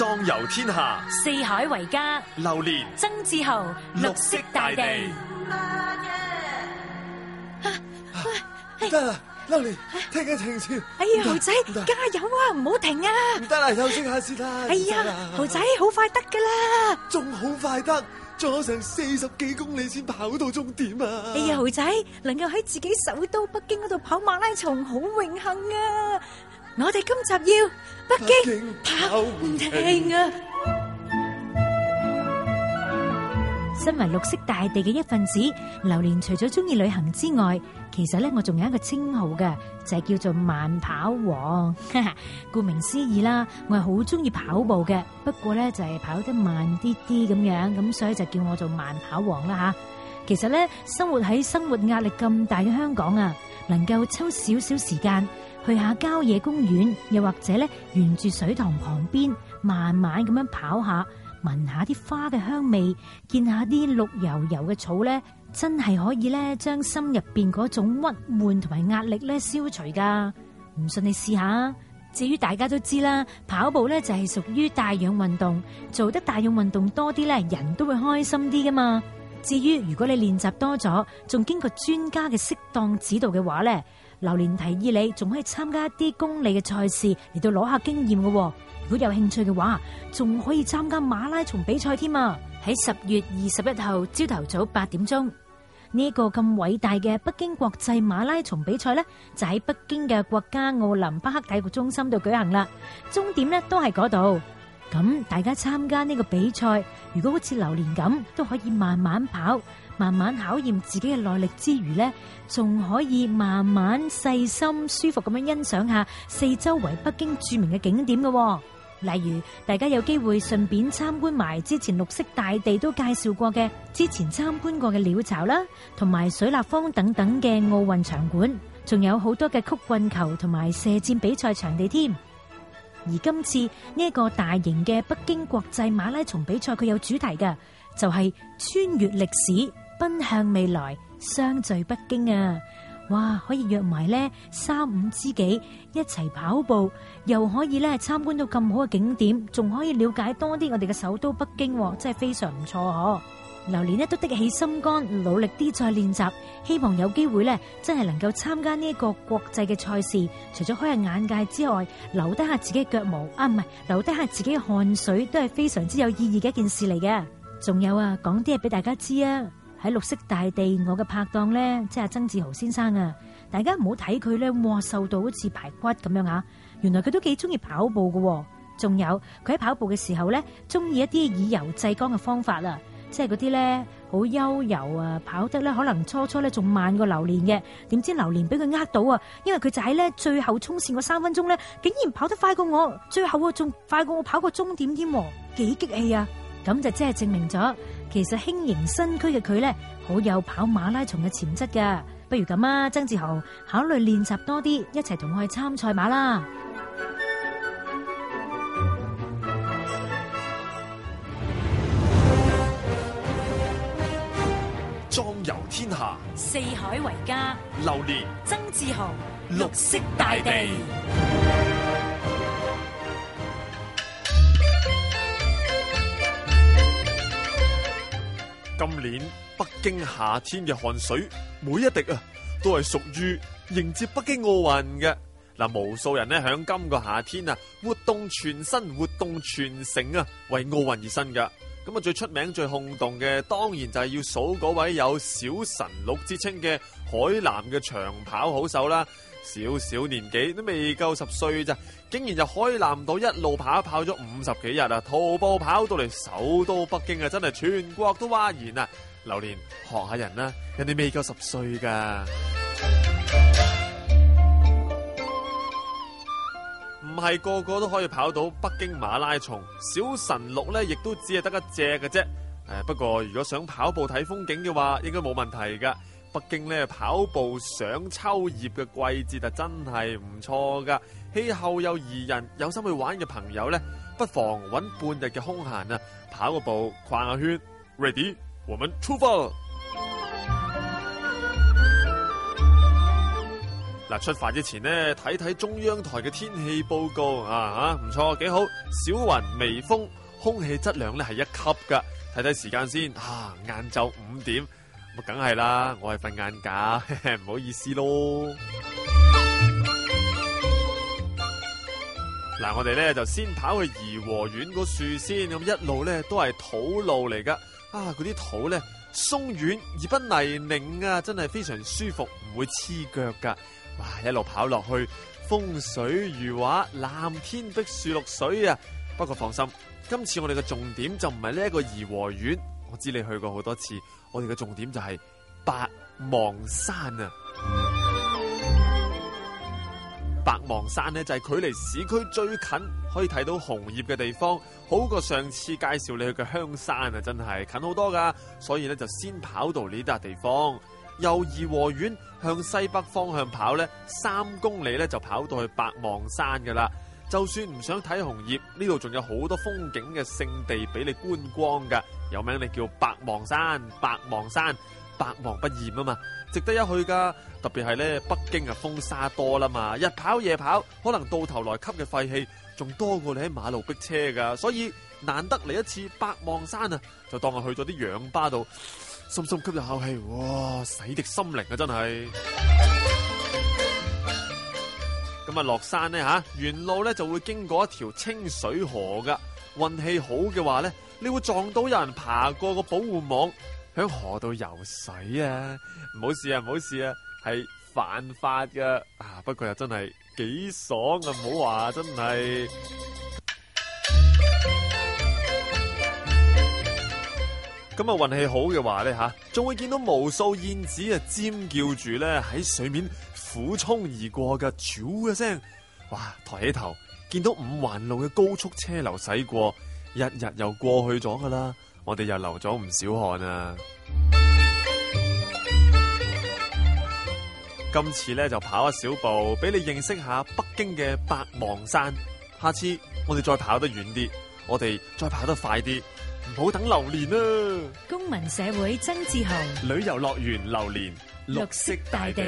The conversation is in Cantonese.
壯遊天下，四海為家。劉烈曾志豪，綠色大地。得啦，劉烈聽緊情調。哎呀，豪仔加油啊！唔好停啊！唔得啦，休息下先啦。哎呀，豪仔好快得噶啦，仲好快得，仲有成四十幾公里先跑到終點啊！哎呀，豪仔能夠喺自己首都北京嗰度跑馬拉松，好榮幸啊！我哋今集要北京跑唔停啊！身為綠色大地嘅一份子，榴蓮除咗中意旅行之外，其實咧我仲有一個稱號嘅，就係叫做慢跑王。顧名思義啦，我係好中意跑步嘅，不過咧就係跑得慢啲啲咁樣，咁所以就叫我做慢跑王啦吓。其實咧，生活喺生活壓力咁大嘅香港啊，能夠抽少少時間。去下郊野公園，又或者咧沿住水塘旁邊慢慢咁樣跑下，聞下啲花嘅香味，見下啲綠油油嘅草咧，真係可以咧將心入邊嗰種鬱悶同埋壓力咧消除噶。唔信你試下。至於大家都知啦，跑步咧就係屬於帶氧運動，做得帶氧運動多啲咧，人都會開心啲噶嘛。至於如果你練習多咗，仲經過專家嘅適當指導嘅話咧，流年提議你仲可以參加一啲公里嘅賽事嚟到攞下經驗嘅，如果有興趣嘅話，仲可以參加馬拉松比賽添啊！喺十月二十一號朝頭早八點鐘，呢個咁偉大嘅北京國際馬拉松比賽咧，就喺北京嘅國家奧林匹克體育中心度舉行啦，終點咧都係嗰度。咁大家參加呢個比賽，如果好似流連咁，都可以慢慢跑，慢慢考驗自己嘅耐力之餘呢，仲可以慢慢細心舒服咁樣欣賞下四周圍北京著名嘅景點嘅，例如大家有機會順便參觀埋之前綠色大地都介紹過嘅之前參觀過嘅鳥巢啦，同埋水立方等等嘅奧運場館，仲有好多嘅曲棍球同埋射箭比賽場地添。而今次呢個大型嘅北京國際馬拉松比賽，佢有主題嘅，就係穿越歷史，奔向未來，相聚北京啊！哇，可以約埋呢三五知己一齊跑步，又可以咧參觀到咁好嘅景點，仲可以了解多啲我哋嘅首都北京，真係非常唔錯嗬！流年咧，都得起心肝，努力啲再練習，希望有機會咧真係能夠參加呢一個國際嘅賽事，除咗開下眼界之外，留低下自己腳毛啊，唔係留低下自己汗水，都係非常之有意義嘅一件事嚟嘅。仲有啊，講啲嘢俾大家知啊，喺綠色大地，我嘅拍檔咧，即係曾志豪先生啊，大家唔好睇佢咧，哇，瘦到好似排骨咁樣啊！原來佢都幾中意跑步嘅，仲有佢喺跑步嘅時候咧，中意一啲以油制剛嘅方法啊！即係嗰啲咧，好悠游啊！跑得咧，可能初初咧仲慢過榴蓮嘅，點知榴蓮俾佢呃到啊！因為佢就喺咧最後衝線嗰三分鐘咧，竟然跑得快過我，最後啊仲快過我跑個終點添，幾激氣啊！咁就即係證明咗，其實輕盈身軀嘅佢咧，好有跑馬拉松嘅潛質㗎。不如咁啊，曾志豪，考慮練習多啲，一齊同我去參賽馬啦。壯遊天下，四海為家。榴槤，曾志豪，綠色大地。大地今年北京夏天嘅汗水，每一滴啊，都係屬於迎接北京奧運嘅。嗱，無數人咧響今個夏天啊，活動全身，活動全城啊，為奧運而生噶。咁啊，最出名最轟動嘅，當然就係要數嗰位有小神鹿之稱嘅海南嘅長跑好手啦！小小年紀都未夠十歲咋，竟然就海南島一路跑跑咗五十幾日啊，徒步跑到嚟首都北京啊，真係全國都嘩然啊！留年學下人啦，人哋未夠十歲噶。唔係個個都可以跑到北京馬拉松，小神鹿咧亦都只係得一隻嘅啫。誒、啊，不過如果想跑步睇風景嘅話，應該冇問題噶。北京咧跑步賞秋葉嘅季節就真係唔錯噶，氣候又宜人，有心去玩嘅朋友咧，不妨搵半日嘅空閒啊，跑個步，逛下圈，Ready，我們出發。嗱，出發之前呢，睇睇中央台嘅天氣報告啊，嚇唔錯，幾好，小雲微風，空氣質量咧係一級噶。睇睇時間先，嚇晏晝五點，梗係啦，我係瞓晏覺，唔好意思咯。嗱、啊，我哋咧就先跑去頤和園個樹先，咁一路咧都係土路嚟噶。啊，嗰啲土咧鬆軟而不泥濘啊，真係非常舒服，唔會黐腳噶。哇！一路跑落去，風水如畫，藍天碧樹綠水啊！不過放心，今次我哋嘅重點就唔係呢一個頤和園，我知你去過好多次。我哋嘅重點就係百望山啊！百望山呢就係距離市區最近可以睇到紅葉嘅地方，好過上次介紹你去嘅香山啊！真係近好多㗎，所以咧就先跑到呢笪地方。由頤和園向西北方向跑咧，三公里咧就跑到去百望山噶啦。就算唔想睇紅葉，呢度仲有好多風景嘅勝地俾你觀光噶。有名你叫百望山，百望山，百望不厭啊嘛，值得一去噶。特別係咧，北京啊，風沙多啦嘛，日跑夜跑，可能到頭來吸嘅廢氣仲多過你喺馬路逼車噶，所以難得嚟一次百望山啊，就當係去咗啲氧吧度。深深吸一口氣，哇，洗滌心靈啊，真係！咁啊，落山咧吓，沿路咧就會經過一條清水河噶，運氣好嘅話咧，你會撞到有人爬過個保護網，響河度游水啊！唔好試啊，唔好試啊，係犯法噶啊！不過又真係幾爽啊，唔好話真係。咁啊，運氣好嘅話咧吓，仲會見到無數燕子啊，尖叫住咧喺水面俯衝而過嘅，啾嘅聲，哇！抬起頭見到五環路嘅高速車流駛過，日日又過去咗噶啦，我哋又流咗唔少汗啊！ 今次咧就跑一小步，俾你認識下北京嘅百望山。下次我哋再跑得遠啲，我哋再跑得快啲。唔好等榴蓮啊！公民社會曾志豪，旅遊樂園榴蓮，綠色大地。